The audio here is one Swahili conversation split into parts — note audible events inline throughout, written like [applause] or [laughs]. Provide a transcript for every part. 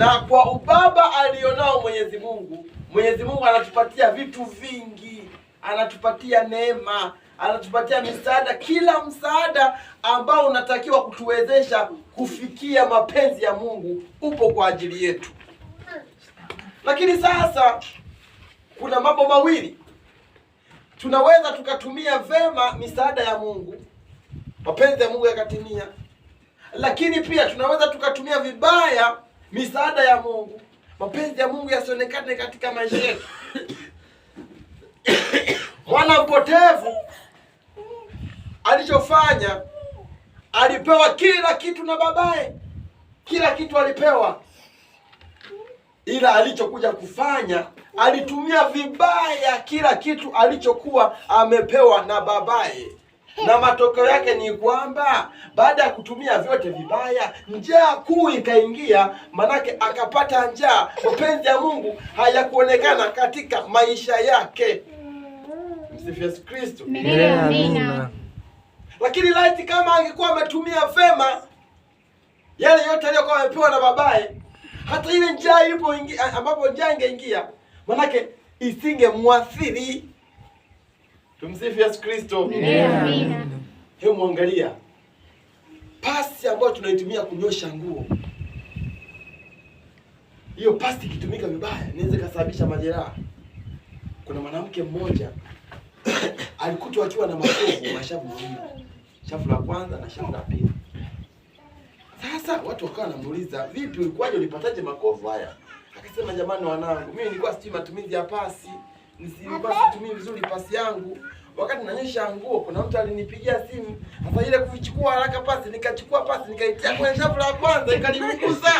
na kwa ubaba alionao Mwenyezi Mungu, Mwenyezi Mungu anatupatia vitu vingi, anatupatia neema, anatupatia misaada, kila msaada ambao unatakiwa kutuwezesha kufikia mapenzi ya Mungu upo kwa ajili yetu. Lakini sasa kuna mambo mawili tunaweza tukatumia vema misaada ya Mungu, mapenzi ya Mungu yakatimia, lakini pia tunaweza tukatumia vibaya misaada ya Mungu, mapenzi ya Mungu yasionekane katika maisha yetu. Mwana mpotevu alichofanya, alipewa kila kitu na babaye, kila kitu alipewa, ila alichokuja kufanya alitumia vibaya kila kitu alichokuwa amepewa na babaye na matokeo yake ni kwamba baada ya kutumia vyote vibaya, njaa kuu ikaingia, manake akapata njaa. Mapenzi ya Mungu hayakuonekana katika maisha yake. Msifu Yesu Kristo. Amina. Lakini laiti kama angekuwa ametumia vema yale yote aliyokuwa amepewa na babaye, hata ile njaa ilipoingia, ambapo njaa ingeingia, manake isingemwathiri. Tumsifu Yesu Kristo. Amina. Hebu mwangalia pasi ambayo tunaitumia kunyosha nguo, hiyo pasi ikitumika vibaya inaweza kusababisha majeraha. Kuna mwanamke mmoja [coughs] alikutwa akiwa na mashavu mashavu mawili, shavu la kwanza na shavu la pili. Sasa watu wakawa wanamuuliza, vipi, ulikuwaje, ulipataje makovu haya? Akasema, jamani wanangu, mimi nilikuwa sijui matumizi ya pasi nisilikuwa situmii vizuri pasi yangu wakati nanyosha nguo, kuna mtu alinipigia simu hasa ile kuichukua haraka pasi, nikachukua pasi nikaitia kwenye shavu la kwanza ikaniunguza.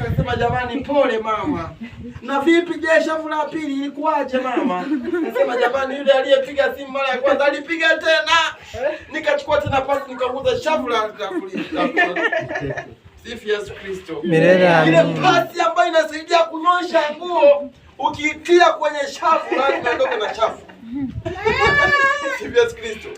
Akasema jamani, pole mama. Na vipi je, shavu la pili ilikuwaje mama? Nasema jamani, yule aliyepiga simu mara ya kwanza alipiga tena, nikachukua tena pasi nikaunguza shavu la Sifu Yesu Kristo. Ile pasi ambayo inasaidia kunyosha nguo ukiitia kwenye shafu naondoka na shafu. [laughs] Yesu Kristo.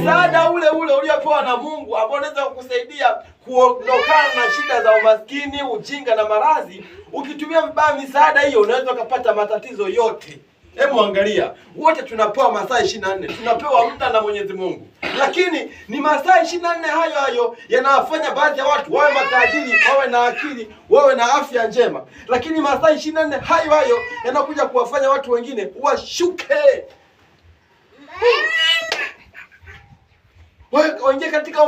Msaada ule ule uliopewa na Mungu ambao unaweza kukusaidia kuondokana na shida za umaskini, ujinga na maradhi, ukitumia vibaya misaada hiyo unaweza ukapata matatizo yote. Hebu angalia, wote tunapewa masaa ishirini na nne tunapewa muda na Mwenyezi Mungu, lakini ni masaa ishirini na nne hayo hayo yanawafanya baadhi ya watu wawe matajiri, wawe na akili, wawe na afya njema, lakini masaa ishirini na nne hayo hayo yanakuja kuwafanya watu wengine washuke, waingie katika